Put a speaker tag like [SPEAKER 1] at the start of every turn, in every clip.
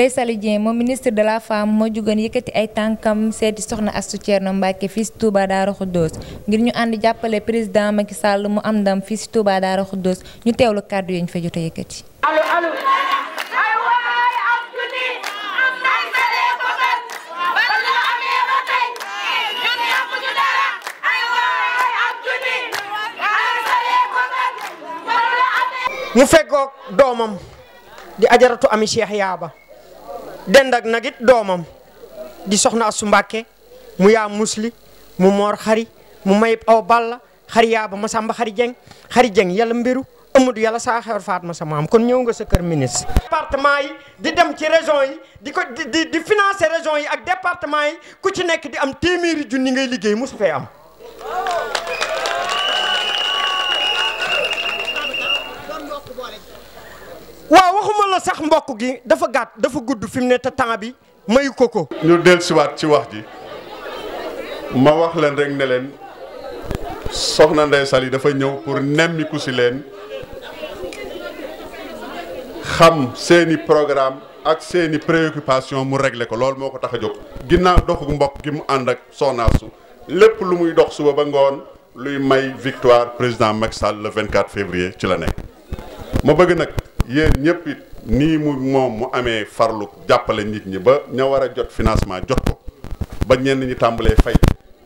[SPEAKER 1] Ndeye Saly Dieng moom ministre de la femme moo jugoon yëkkati ay tànkam seeti soxna Astou Thierno Mbacke fii si Touba Darou Khoudoss ngir ñu ànd jàppale président Macky Sall mu am ndam fii si Touba Darou Khoudoss ñu teewlu kàddu yi ñu fa jot a yëkkati. allo allo.
[SPEAKER 2] mu doomam di ajaratu ami Cheikh Yaaba dend ak nag it doomam di soxna Asu Mbàkke mu yaa musli mu moor xari mu mayib aw balla xari yaa ba ma sàmba xari jeng xari jeng yàlla mbiru Amadou yàlla saa xewar Fatma sa maam kon ñëw nga sa kër ministre. département yi di dem ci région yi di ko di di financer région yi ak département yi ku ci nekk di am téeméeri junni ngay liggéey mosu fee am. booba sax mbokk gi
[SPEAKER 3] dafa gàtt dafa gudd fi mu ne te temps bi mayu ko ko. ñu siwaat ci wax ji ma wax leen rek ne leen soxna Ndeye Saly dafa ñëw pour nemmiku si leen xam seeni programme ak seeni préoccupation mu régler ko loolu moo ko tax a jóg. ginnaaw doxu mbokk gi mu ànd ak soxnaasu lépp lu muy dox suba ba ngoon luy may victoire président Macky la le 24 février ci la nekk ma bëgg nag yéen ñëpp nii mu moom mu amee farlu jàppale nit ñi ba ña war a jot financement jot ko ba ñenn ñi tàmbalee fay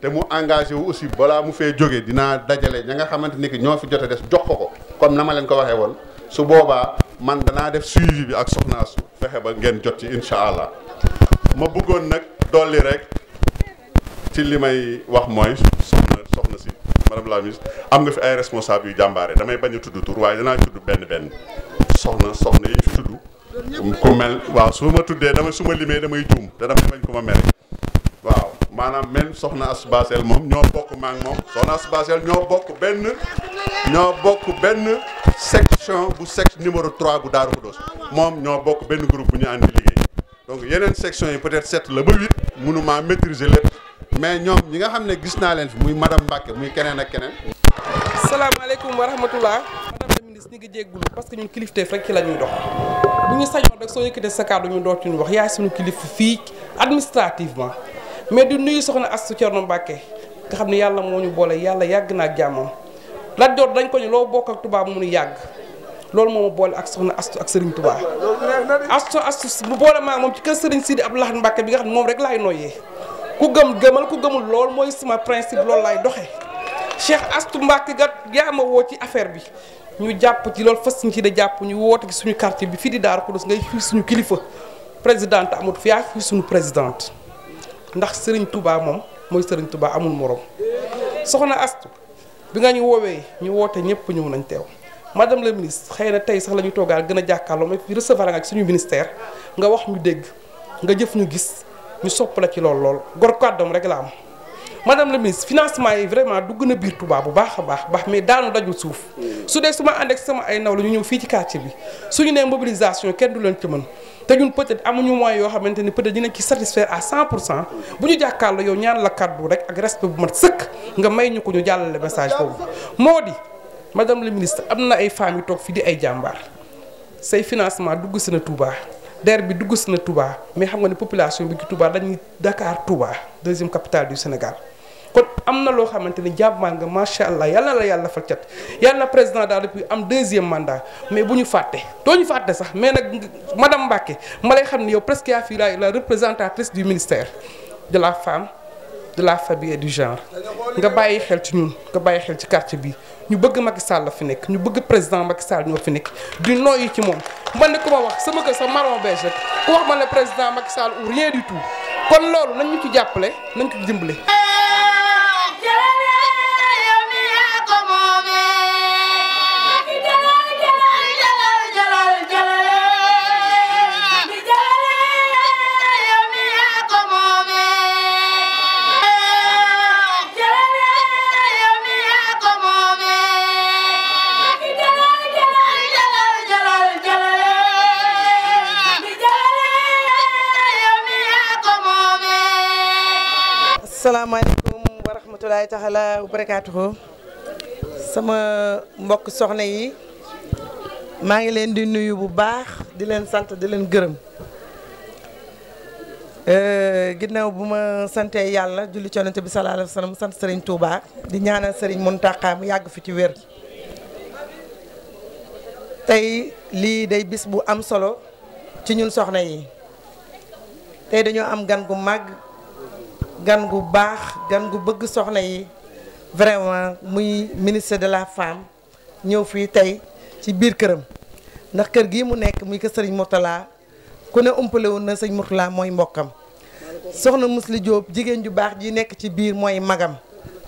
[SPEAKER 3] te mu engage wu aussi balaa mu fee jógee dinaa dajale ña nga xamante ni que ñoo fi jot a des jox ko ko comme na ma leen ko waxee woon su boobaa man danaa def suivi bi ak soxnaa su fexe ba ngeen jot ci incha allah ma bëggoon nag dolli rek ci li may wax mooy soxna soxna si madame laa ministre am nga fi ay responsable yu jàmbaare damay bañ a tudd tur waaye danaa tudd benn benn soxna soxna yi tudd ku mel waaw su ma tuddee dama su ma limee damay juum te damay bañ ko ma mere waaw maanaam même soxna Astou Bassel moom ñoo bokk maak moom soxna Astou Bassel ñoo bokk benn ñoo bokk benn section bu section numéro 3 bu Daaru Xudoos moom ñoo bokk benn group bu ñu àndi liggéey donc yeneen section yi peut-être sept la ba huit mënumaa maîtriser lépp mais ñoom ñi nga xam ne gis naa leen fi muy madame Mbacke muy keneen ak keneen salaamaaleykum wa
[SPEAKER 4] rahmatullah ñu ngi parce que ñun kilifteef rek ci la ñuy dox bu ñu sañoon rek soo yëkkatee sa kàddu ñu doot ñu wax yaay suñu kilif fii administrativement mais du nuyu soxna Astu Cerno Mbàkke nga xam ne yàlla moo ñu boole yàlla yàgg na ak jàmmam Lat Joor ko ñu loo bokk ak tubaab mu nu yàgg loolu moo ma boole ak soxna Astu ak Serigne Touba Astu Astu bu boole maa moom ci kër Serigne Sidi Abdou Lahad Mbàkke bi nga xam ne moom rek laay noyyee ku gëm gëmal ku gëmul lool mooy sama principe lool laay doxee Cheikh Astu Mbàkke ga yaa woo ci affaire bi ñu jàpp ci loolu fas ñu ci da jàpp ñu woote ci suñu quartier bi fii di Darou Khoudoss ngay fii suñu kilifa présidente amut fi suñu présidente ndax Serigne tubaa moom mooy Serigne tubaa amul morom soxna Astu bi nga ñu woowee ñu woote ñëpp ñëw nañ teew madame la ministre xëy na tey sax la ñu toogaal gën a jàkkaarloo mais recevoir nga ak suñu ministère nga wax ñu dégg nga jëf ñu gis ñu sopp la ci lool lool gor kàddoom rek la am. madame la ministre financement yi vraiment dugg na biir tubaa bu baax a baax baax mais daanu dajul suuf su dee su ma ànd ak sama ay naw la ñu ñëw fii ci quartier bi suñu nee mobilisation kenn du leen ci mën te ñun peut-être amuñu moyens yoo xamante ni peut-être dinañ ci satisfaire à 100 pour cent bu ñu jàkkaarloo yow ñaan la kàddu rek ak respect bu mat sëkk nga may ñu ko ñu jàllale message boobu moo di madame la ministre am na ay femmes yu toog fii di ay jàmbaar say financement dugg si na Touba DER bi dugg si na Touba mais xam nga ne population bi ci Touba dañuy Touba deuxième capitale du Sénégal kon am na loo xamante ni jàmbaar nga macha allah yàlla la yàlla fal cat yàlla na président daal depuis am deuxième mandat mais bu ñu fàtte doo ñu fàtte sax mais nag madame Mbacké ma lay xam ne yow presque yaa fi la la représentatrice du ministère de la femme de la famille du genre nga bàyyi xel ci ñun nga bàyyi xel ci quartier bi ñu bëgg Macky Sall la fi nekk ñu bëgg président Macky Sall ñoo fi nekk di nooyi ci moom man ne ku ma wax sama kër sa marron beige rek ma ne président Macky Sall ou rien kon loolu nañ ñu ci jàppale nañ ko dimbale.
[SPEAKER 2] asalaamaaleykum wa rahmatulahi taala wa barakaatuhu sama mbokk soxna yi maa ngi leen di nuyu bu baax di leen sant di leen gërëm euh, ginnaaw bu ma santee yàlla julli ci yonent bi sallallahu alayhi wa sallam sant Serigne Touba di ñaanal sëriñ mun Mountakha mu yàgg fi ci wér tey lii day bis bu am solo ci ñun soxna yi tey dañoo am gan gu màgg gan gu baax gan gu bëgg soxna yi vraiment muy ministre de la femme ñëw fii tey ci biir këram ndax kër gii mu nekk muy kër sëriñ Mourtala ku ne umpale na sëñ Mourtala mooy mbokkam soxna Mously Diop jigéen ju baax ji nekk ci biir mooy magam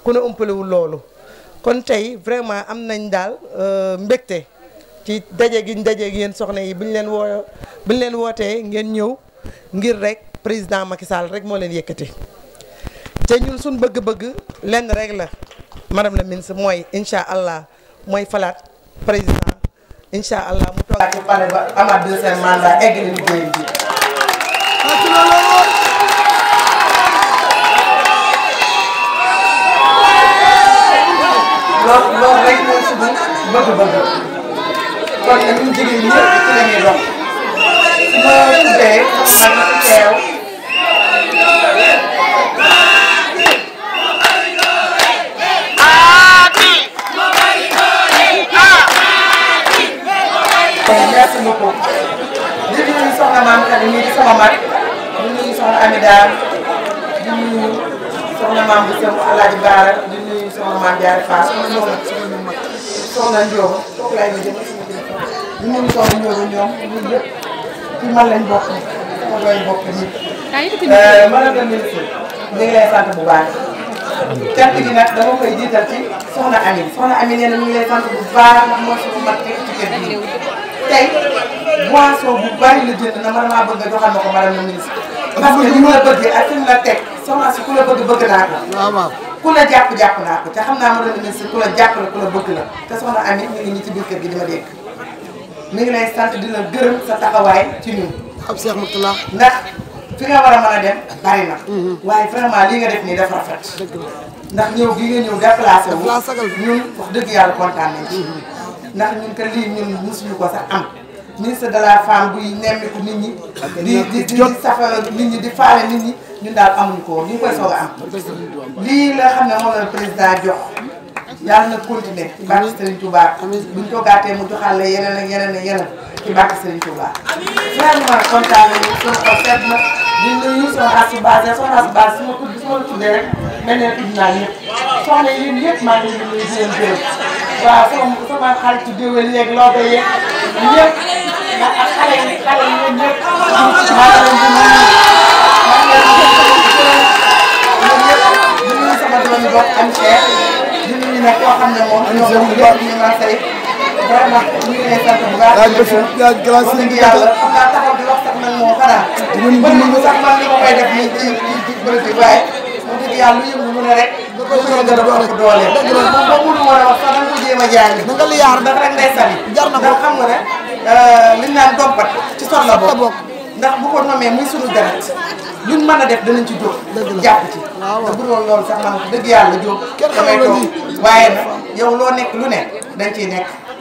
[SPEAKER 2] ku ne umpalewul loolu kon tey vraiment am nañ daal euh, mbégte ci daje giñ daje ak soxna yi bu ñu leen woo bu leen wootee ngeen ñëw ngir rek président Macky Sall rek moo leen yëkkati. te ñun bëgg-bëgg lenn rek la madame la ministre mooy incha allah mooy falaat président incha allah mu toogaat ci palais ba amaat egg na liggéey bi loolu merci beaucoup di nuyu soxna maam Khady ñu ngi sama mag di nuyu soxna Amida di nuyu soxna maam bu Sëm Alaaji Baara di nuyu soxna maam Diarra Fass soxna Ndiob soxna Ndiob foofu laay mujjee di nuyu soxna ñoom ci man lañ bokk man lañ bokk nit.
[SPEAKER 1] Euh, madame
[SPEAKER 2] la ministre ñu ngi lay sant bu baax. cant gi nag dama koy jiital ci soxna Amine soxna Amine yéen a ngi lay sant bu baax ndax moo mag ci kër gi. tey boisson bu bari la jënd na man bëgg nga joxal ma ko madame la ministre. parce que ni ma la bëggee ak fi mu la teg semence yi ku la bëgg bëgg naa ko. ku la jàpp jàpp naa ko te xam naa madame la ministre ku ñu ngi ñi ci biir kër gi sant di la gërëm sa taxawaay ci ñun. ab Cheikh Moutalla. ndax fi nga war a mën a dem mhm. waaye vraiment li nga def nii dafa rafet. ndax ñëw gi nga ñëw déplacé wu. ñun dëgg yàlla kontaan nañ ci. Mhm. ndax ñun te lii ñun mosuñu ko sax am ministre de la femme buy nemmiku nit ñi di di di safara nit ñi di faale nit ñi ñun daal amuñu ko woon ñu ngi soog a am lii la xam ne moom la président jox yàlla na continuer ci barke Serigne Touba buñ ko gàttee mu joxal la yeneen ak yeneen ak yeneen ci barke Serigne Touba vraiment kontaan nañu suñu xol seet na di nuyu soxna Asou Ba soxna Asou Ba su ma tudd su ma tuddee rek mel ne tudd naa ñëpp soxna yéen yëpp maa ngi leen di nuyu di waaw sama sama xaritu déwén yeeg loo koy yeeg ñëpp ndax ak xale yi xale yi ñoom ñëpp maa ngi leen di nuyu maa ngi leen di ñoom ñëpp di nuyu sama doom yi bokk am cher di nuyu nag koo xam ne moom ñoo bokk doom ñu ma say vraiment
[SPEAKER 5] ñu ngi lay sant bu baax. yaa ngi defoon yaa ngi glace yi ngi yàlla xam naa taxaw di wax sax
[SPEAKER 2] man moo xanaa. dinañ bëri mu sax man li ma koy def nii ci ci bërëb bi waaye. mu dëgg yàlla lu yëngu mu ne rek. da koy gën a gën a doole. dëgg la moom boo mënul woon a wax sax jéem a jaay na nga liyaar ndax rek ndeysaan jar na ko xam nga ne euh, liñ naan dompat ci sot la bokk ndax bu ko nomee muy sunu deret a def danañ ci jóg jàpp ci
[SPEAKER 5] ah, te bu doon
[SPEAKER 2] loolu sax man dëgg yàlla jóg damay toog waaye nag yow loo nekk lu ne dañ ciy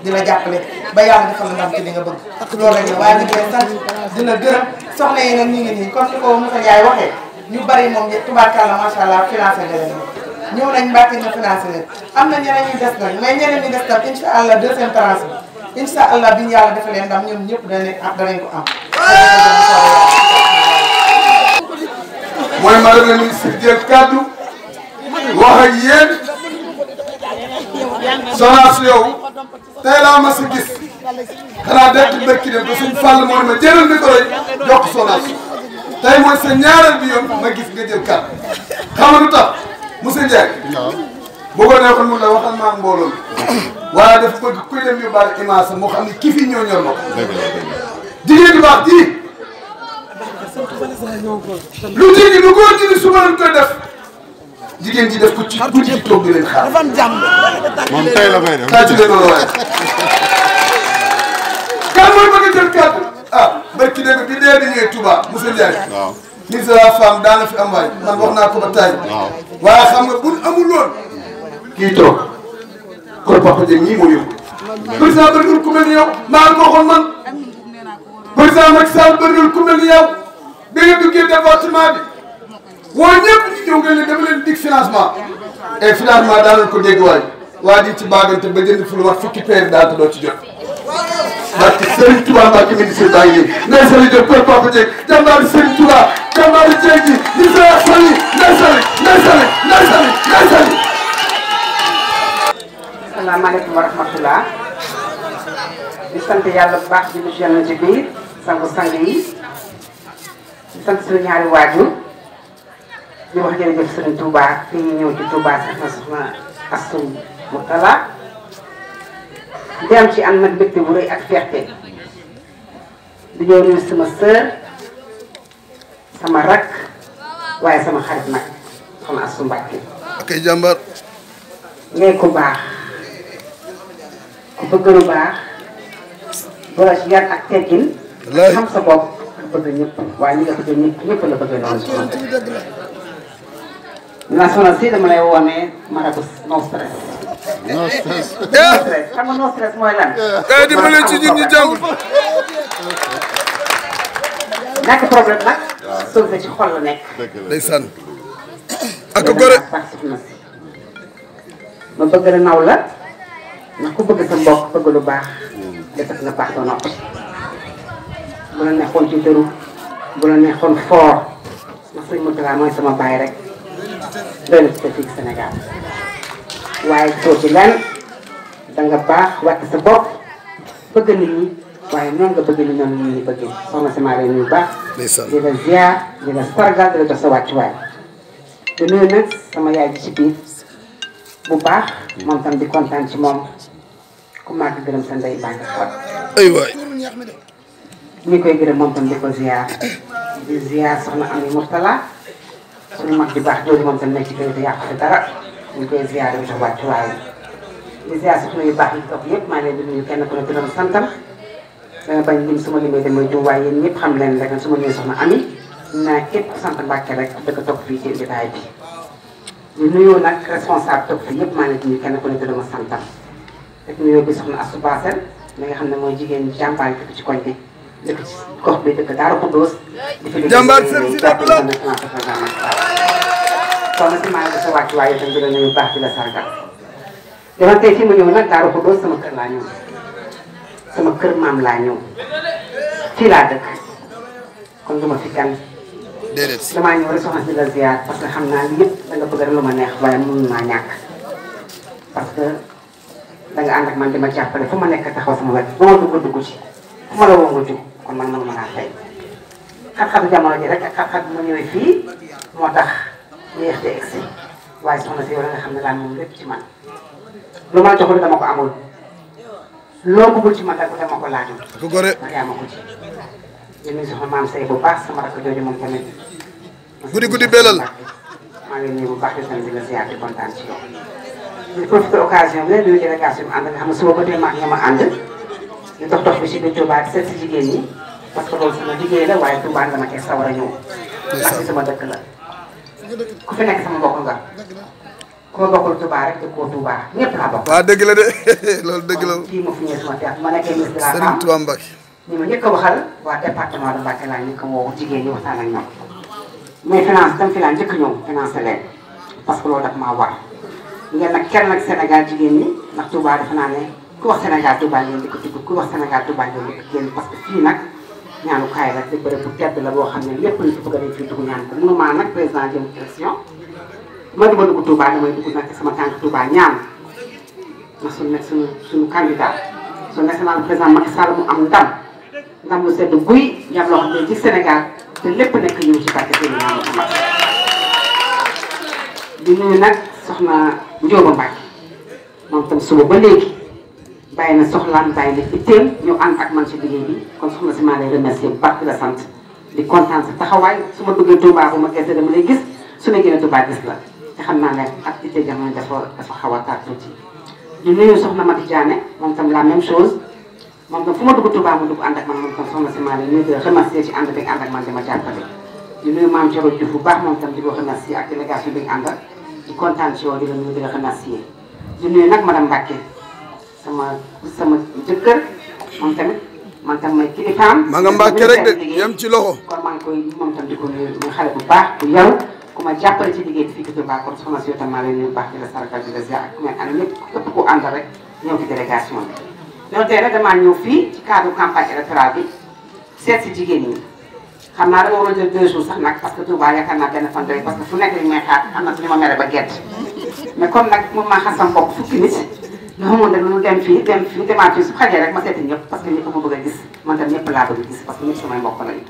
[SPEAKER 2] di la jàppale ba yàlla defal la ndam ci li rek la waaye di la gërëm soxna yi nag ñu nii comme ni ko Moussa Ndiaye waxee ñu bari moom tubaarkàlla macha allah financé nga leen ñëw nañ Mbacke ñu financé leen am na ñeneen ñu des nag mais ñeneen ñu des nag incha allah deuxième tranche bi incha allah bi ñu yàlla ko am.
[SPEAKER 5] mooy madame la ministre jël kaddu wax ak yéen soxna yow tey laa ma si gis xanaa dëkk mbékk yi dem ba suñu fàll mooy ma jëlal micro yi jox ko soxna tey mooy sa ñaareel bi yoon ma gis nga jël kaddu xam nga lu monsieur Ndiaye. waaw bu ko neexoon mun na waxal maa mbooloo mi. waaye dafa bëgg kuy dem yu bari image moo xam ne kii fi ñoo ñor ma ko. dëgg la lu jigéen lu góor ji ni suba lañ def. jigéen ji def ko ci guddi gi toog di leen xaar. moom tey la may def. taa ci leen loolu waaye. kan mooy a mise la femme daana fi am waay man wax naa ko ba taay. waaye xam nga bu amul lool. kii toog kon Papa Dieng ñii moo yëngu. président bëriwul ku mel ni yow maa ngi waxoon man. président Macky Sall bëriwul ku mel ni yow. bi nga duggee département bi. woo ñëpp ñu ñëw nga ne dama leen dig financement. et finalement daanañ ko dégg waay. waa di ci baagante ba jënd fu lu mat fukki paire daal te doo ci jot. barke Serigne Touba Mbacke ministre baa ngi nii Ndeye Saly Diop kër Papa Dieng jàmbaari Serigne Touba jàmbaari Dieng ji di Seye Saly Ndeye Saly Ndeye Saly Ndeye Saly Ndeye Saly.
[SPEAKER 1] asalaamaaleykum wa rahmatulah di sant yàlla bu baax di lu jënd ci biir sangu sang yi di sant suñu ñaari waajur di wax jërëjëf Serigne Touba fii ñu ñëw ci Touba sax na soxna Astou Moutala. dem ci am nag mbégte ak fierté du ñëw nuyu sama sœur sama rakk waaye sama xarit nag soxna Astou Mbacké ok jàmbar ngay ku baax ku bëgg lu baax boo ci yar ak teggin xam sa bopp ak bëgg ñëpp waaye ñi nga bëgg ñëpp ñëpp la bëgg noonu soxna
[SPEAKER 3] naa soxna ma dama lay woone
[SPEAKER 1] Eh, non stress. problème nag. waaw solution ci xol la nekk. ndeysaan. ak gore ma bëgg la naw la ndax ku bëgg sa mbokk bëgg lu baax defal la baax ba bu la neexoon ci bu la neexoon fort ndax suñu motulaa mooy sama baay rek doy na ci sa fii Sénégal. waaye soo ci lenn da nga baax wàcc sa bopp bëgg nit waaye noon nga bëgg ni ñoom ñu ngi bëggee soxna si maa leen baax. di la ziar di la sargal di la jox sa wàccuwaay. te nuyu nag sama yaay ji ci biir bu baax moom tam di kontaan ci moom ku màgg gërëm sa ndey baa nga xool. aywaay. ñu koy gërëm moom tam di ko ziar di ziar soxna Ami Mourtala suñu mag di baax jooju moom tam nekk ci kër gi yàq dara. ñu ngi koy ziare bu tax wàccuwaay di ziare suñu yu baax yi toog yëpp maa ngi leen di nuyu kenn ku ne turam santam bañ lim su ma limee damay juum waaye yéen ñëpp xam leen rek su ma ñëwee soxna Ami naa képp ku sant Mbàkke rek dëkk toog fii ci jotaay bi. ñu nuyoo nag responsable toog fii yëpp maa ngi leen di nuyu kenn ku ne turam santam rek nuyoo bi soxna Asou Basel mi nga xam ne mooy jigéen jàmbaar dëkk ci koñ bi dëkk ci gox bi dëkk Daaru Xuddoos.
[SPEAKER 5] jàmbaar sëñ si
[SPEAKER 1] dëkk la soxna si maa ngi sa wàcc waaye itam di la baax di la sargal dama tey fi ma ñëw nag Daaru Xudoos sama kër laa ñëw sama kër maam laa ñëw fii laa dëkk kon du fi gan déedéet damaa ñëw rek que xam naa li yëpp da nga bëgg rek lu ma neex waaye mënu que da nga man di ma jàppale fu ma nekk taxaw sama wet bu ma dugg dugg ci fu ma la kon man mënu ma laa fay xam-xam jamono ji rek ak xam ma ñëwee fii moo tax USDS waaye soxna si yow la xam ne laa moom lépp ci man lu ma joxul dama ko amul loo bëggul ci man rek dama ko laajul. dafa gore ma yaa ma ko ci. di nuyu soxna maam Seye bu baax sama rakk jooju moom baax di sant di la ziar di kontaan ci yow. di xam ne suba ba tey maa ngi ñoom a ànd ñu dox si biir Touba di seet parce que loolu sama liggéey la waaye Touba dama a sama dëkk la. ku fi nekk sama mbokk nga ku ma bokkul Touba rek te koo Touba ñëpp laa bokk. waaw ah, dëgg la de loolu dëgg la. kii ma fi ñëwee sama teex ma nekkee a waxal waa département a woo jigéen ñi waxtaan ak ñoom finance tam fi laa njëkk a ñëw financé leen parce que loolu daf maa war ngeen nag kenn nag Sénégal jigéen ñi ndax Touba dafa naa ne ku wax Sénégal Touba ngeen di ko ku wax Sénégal Touba ngeen di ko parce que fii nag. ñaanukaay la di bërëb bu tedd la boo xam ne lépp lu ci bëgg a def fii dugg ñaan ko mënuma nag président jëm ma duma dugg Touba damay sama tànk Touba mu am ndam ndam sedd guy yam loo xam ne ci Sénégal te lépp nekk ñëw ci parti bi ñaan ko mag di nuyu nag soxna Ndioba Mbacke moom tam suba ba léegi bàyyi na soxlaam bàyyi na fi ñu ànd ak man si liggéey bi kon soxna si maa lay remercier bu baax di la sant di kontaan sa taxawaay su ma duggee Touba bu ma gerte dama lay gis su ma la te xam naa ne activité jamono dafa dafa xaw a taat tuuti ñu nuyu soxna Mati Diané moom tam la même chose moom tam fu ma dugg Touba mu dugg ànd ak man moom tam soxna si maa lay nuyu remercier ci ànd bi ànd ak man dama jàppale di nuyu maam Thioro Diouf bu baax moom tam di ko remercier ak délégation bi ñu àndal di kontaan ci yow di la nuyu di remercier di nuyu nag madame Mbacke sama sama jëkkër moom tamit man tam may kilifaam. ma nga mbàkke rek de yem ci loxo. kon maa ngi koy moom tam di ko nuyu muy xale bu baax bu yaru ku ma jàppale ci liggéey bi fii di ko baax kon soxna si yow tam maa leen nuyu baax di la sargal di la ziar ak ku may ànd lépp képp ku àndal rek ñëw ci délégation bi. loolu tey rek damaa ñëw fii ci cadre campagne électorale bi seet si jigéen ñi xam naa dama war a jël deux jours sax nag parce que Touba yaakaar naa benn fan doy parce que fu nekk li may xaar am na su ñu ma mere ba gerte mais comme nag moom maa xasam bopp fukki nit dafa moom dañu dem fii dem fii demaat fii su xajee rek ma seeti ñëpp parce que ñëpp ma bëgg a gis man tam ñëpp laa bëgg a gis parce que ñëpp samay mbokk lañu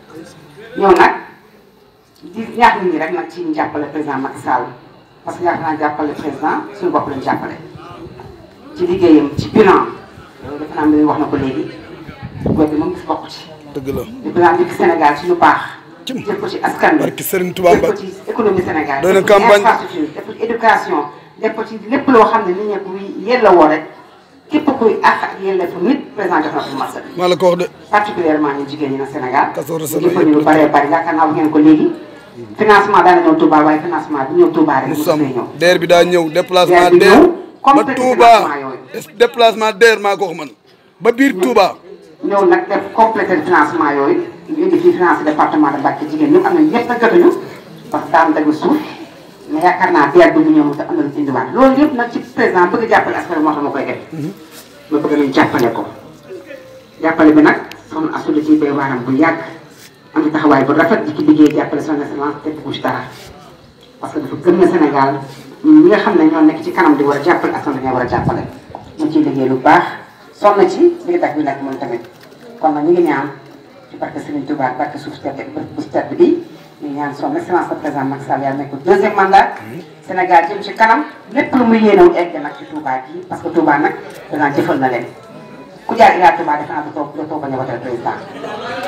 [SPEAKER 1] ñëw nag di ñaax nit ñi rek nag ci jàppale président Macky Sall parce que yaakaar naa jàppale président suñu bopp lañu jàppale ci liggéeyam ci bilan loolu defe naa muy wax na ko léegi góor bi moom gis bokk ci dëgg la di bilan bi Sénégal ci lu baax jëf ko ci askan bi jëf ko ci économie Sénégal def ko ci infrastructure def ko ci éducation def ko ci lépp loo xam ne ni ñëpp yella woo rek képp kuy àq ak yelleefu nit président jox na ko marché la ko de. particulièrement ñun jigéen ñi na Sénégal. kaso rase la ñu lu bëree bëri yaakaar naa ngeen ko financement daan na ñëw Touba waaye financement bi ñëw Touba rek. mu
[SPEAKER 5] bi daa ñëw déplacement. DER ba Touba déplacement DER maa ko wax man ba biir Touba. ñëw nag def complété financement yooyu ñu indi fii financé département
[SPEAKER 1] de Mbacké jigéen ñëpp am na ñëpp a gëtuñu parce que daan dagg suuf mais yaakaar naa biar bi mu ñëw moom sax am na lu ci loolu yëpp nag ci président bëgg jàppale askan moo tax ma mhm. ko. jàppale bi nag soxna Astou da ciy bu yàgg am na taxawaay bu rafet di ci liggéey jàppale son excellence te bëggu ci xam ne ñoo nekk ci kanam di war a jàppale askan bi nga war a jàppale. mu ciy liggéey lu baax sonn ci li tax ñu nekk moom tamit kon nag ñu ngi ñaan ci barke Serigne Touba barke suuf si bi ñu ñaan son sa le président Macky Sall yàlla nekk ko deuxième mandat. Sénégal jëm ci kanam lépp lu muy yéene egg nag ci Touba gi parce que Touba nag président jëfal na leen ku jaar Ila Touba defe naa a wotal président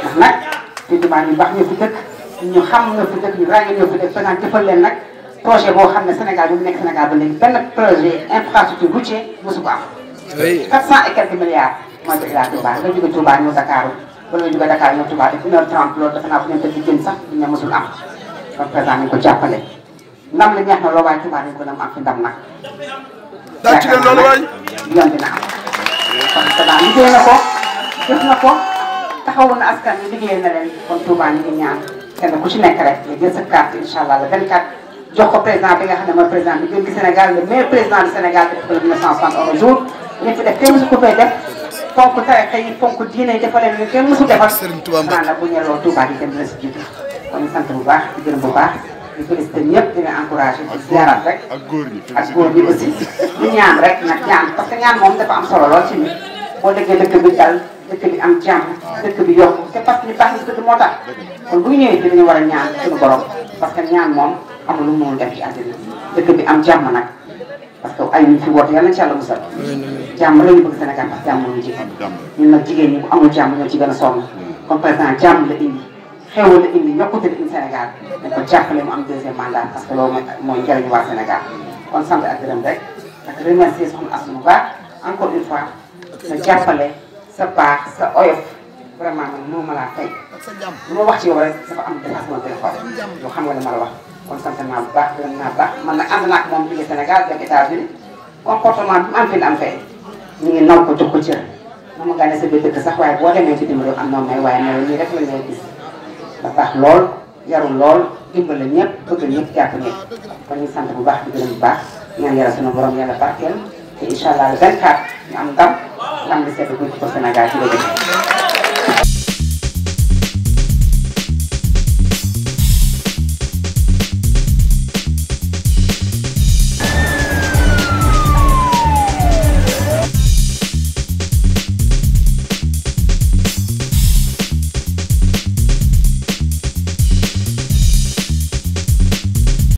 [SPEAKER 1] ndax nag fii ñu xam ñoo fi dëkk ñu ràññee ñoo jëfal leen nag projet boo xam ne Sénégal bi mu nekk Sénégal ba léegi benn projet infrastructure routier mosu ko am. oui 400 et quelques milliards mooy ko Ila nga jóge Touba ñëw Dakar. wala nga jógee Dakar ñëw Touba def une heure trente loolu defe naa ko ñoom dañuy génn sax ñu ne mosul am donc président nañu ko jàppale ndam la ñeex na loo waaye Touba dañu ko am ko jëf na ko taxawoon liggéey na leen kon Touba ñu ñaan kenn ku ci nekk rek nga jël sa carte incha allah le 24 jox ko président bi nga xam ne mooy président bi Sénégal le meilleur président du Sénégal depuis le 1960 au jour ñu def kenn su ko fay def. fonk tarixa yi fonk diine yi defalee ñu kenn mësu defal maanaam bu ñu loo Touba yi dem dina si jiitu kon ñu sant bu baax di gërëm bu baax di félicité ñëpp di nga encouragé di ziarat rek ak góor ñi ak góor ñi aussi
[SPEAKER 3] ñu ñaan rek nag ñaan
[SPEAKER 1] parce que ñaan moom dafa am solo loo ci ñun boo déggee dëkk bi dal dëkk bi am jàmm dëkk bi yokku c'est parce que ñu baax dëkk moo tax kon bu ñu ñëwee dinañu war a ñaan suñu borom parce que ñaan moom amu lu mu def ci dëkk bi am jàmm nag parce que ay ñu fi woote yal na ci musal jàmm la ñu bëgg Sénégal ndax jàmm la ñu ci jigéen ñi bu amul jàmm ñoo ci gën a sonn hmm. comme président jàmm la indi xéewal la la indi Sénégal dañ ko jàppale am deuxième mandat parce que loolu mooy njëriñu waa Sénégal kon sant ak gërëm rek ak remercier soxna Astou bu baax encore une fois sa jàppale sa baax sa oyof vraiment man mënuma laa fay lu wax ci yow rek dafa am dépassement de xol yoo xam nga li ma la wax kon sant naa bu baax gërëm naa baax man nag am naa ak moom jóge Sénégal dem états comportement bi mu am fi am fee ñu ngi naw ko jox ko cër na ma gane sa biir dëkk sax waaye boo demee ci dimbalu am noonu may waaye nawet lii rek la ngay gis da baax lool yarul lool dimbal la ñëpp bëgg ñëpp jàpp ñëpp kon ñu sant bu baax di gërëm bu baax ñaan yàlla sunu borom yàlla barkeel te incha allah le ñu am ndam ndam li sedd buñ ko Sénégal ci